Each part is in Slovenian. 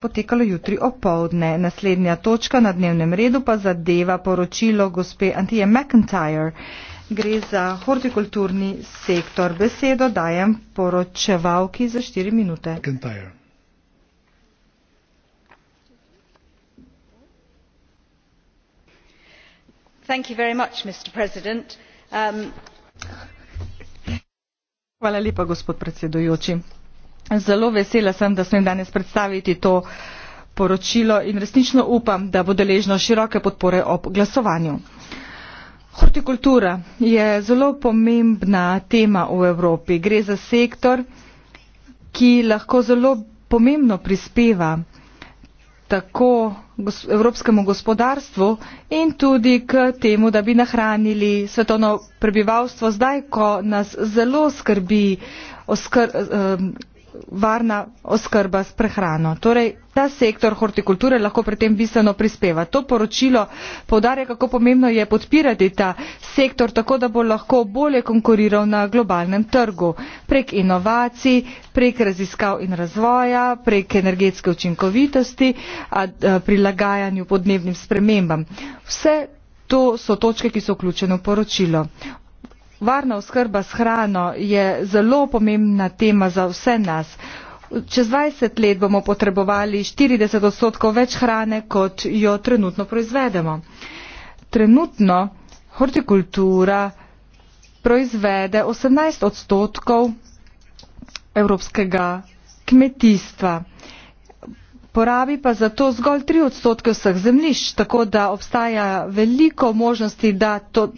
potekalo jutri opoldne. Naslednja točka na dnevnem redu pa zadeva poročilo gospe Antije McIntyre. Gre za hortikulturni sektor. Besedo dajem poročevalki za 4 minute. McIntyre. Thank you very much, Mr. President. Um... Hvala lepa, gospod predsedujoči. Zelo vesela sem, da smem danes predstaviti to poročilo in resnično upam, da bo deležno široke podpore ob glasovanju. Hortikultura je zelo pomembna tema v Evropi. Gre za sektor, ki lahko zelo pomembno prispeva tako evropskemu gospodarstvu in tudi k temu, da bi nahranili svetovno prebivalstvo zdaj, ko nas zelo skrbi oskr, eh, varna oskrba s prehrano. torej ta sektor hortikulture lahko pri tem bistveno prispeva. to poročilo poudarja kako pomembno je podpirati ta sektor tako da bo lahko bolje konkuriral na globalnem trgu prek inovacij prek raziskav in razvoja prek energetske učinkovitosti a, a, prilagajanju podnebnim spremembam. vse to so točke ki so vključene v poročilo. Varna oskrba s hrano je zelo pomembna tema za vse nas. Čez 20 let bomo potrebovali 40 odstotkov več hrane, kot jo trenutno proizvedemo. Trenutno hortikultura proizvede 18 odstotkov evropskega kmetijstva. Porabi pa za to zgolj 3 odstotke vseh zemljišč, tako da obstaja veliko možnosti, da to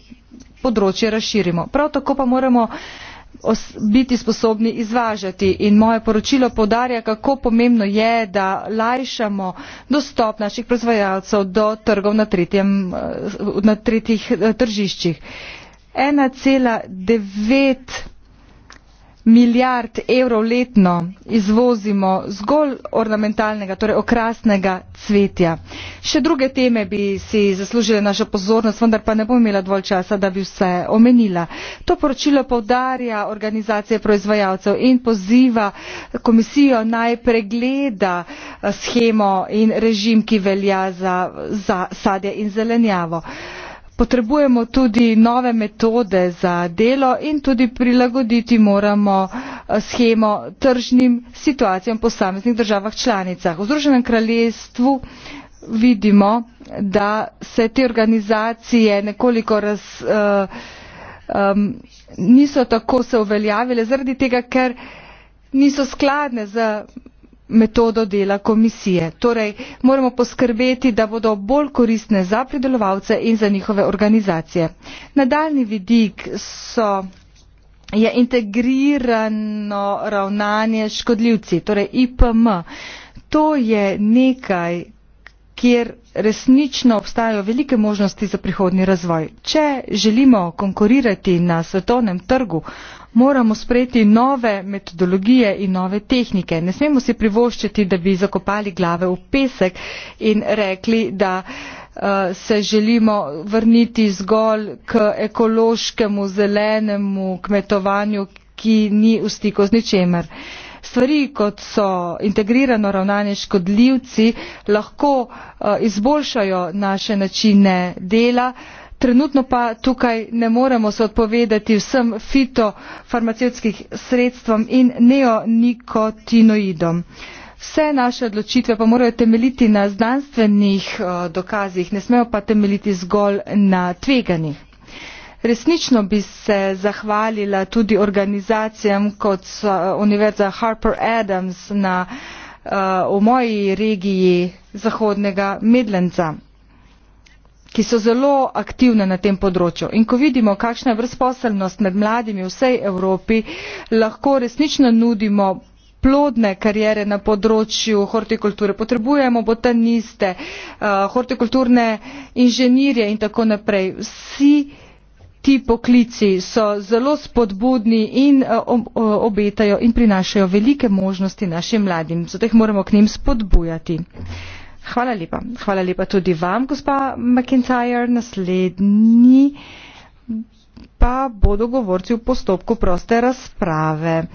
področje razširimo. Prav tako pa moramo biti sposobni izvažati in moje poročilo podarja, kako pomembno je, da lajšamo dostop naših proizvajalcev do trgov na, tretjem, eh, na tretjih eh, tržiščih. 1,9 milijard evrov letno izvozimo zgolj ornamentalnega torej okrasnega cvetja. še druge teme bi si zaslužile našo pozornost vendar pa ne bom imela dovolj časa da bi vse omenila. to poročilo poudarja organizacije proizvajalcev in poziva komisijo naj pregleda eh, shemo in režim ki velja za sadje in zelenjavo potrebujemo tudi nove metode za delo in tudi prilagoditi moramo eh, shemo tržnim situacijam v posameznih državah članicah. V Združenem kraljestvu vidimo, da se te organizacije nekoliko raz, um, niso tako se uveljavile zaradi tega, ker niso skladne z metodo dela komisije. Torej, moramo poskrbeti, da bodo bolj koristne za pridelovalce in za njihove organizacije. Nadaljni vidik so je integrirano ravnanje škodljivci, torej IPM. To je nekaj, kjer resnično obstajajo velike možnosti za prihodni razvoj. Če želimo konkurirati na svetovnem trgu, moramo sprejeti nove metodologije in nove tehnike. Ne smemo si privoščiti, da bi zakopali glave v pesek in rekli, da eh, se želimo vrniti zgolj k ekološkemu, zelenemu kmetovanju, ki ni v stiku z ničemer stvari, kot so integrirano ravnanje škodljivci, lahko eh, izboljšajo naše načine dela. Trenutno pa tukaj ne moremo se odpovedati vsem fitofarmacevskih sredstvom in neonikotinoidom. Vse naše odločitve pa morajo temeljiti na znanstvenih eh, dokazih, ne smejo pa temeljiti zgolj na tveganjih. Resnično bi se zahvalila tudi organizacijam kot so eh, Univerza Harper Adams na, uh, v moji regiji Zahodnega Midlandsa, ki so zelo aktivne na tem področju. In ko vidimo, kakšna je brezposelnost med mladimi v vsej Evropi, lahko resnično nudimo plodne karijere na področju hortikulture. Potrebujemo botaniste, uh, hortikulturne inženirje in tako naprej. Vsi ti poklici so zelo spodbudni in eh, eh, obetajo in prinašajo velike možnosti našim mladim, zato jih moramo k njim spodbujati. Hvala lepa. Hvala lepa tudi vam, gospa McIntyre. Naslednji pa bodo govorci v postopku proste razprave.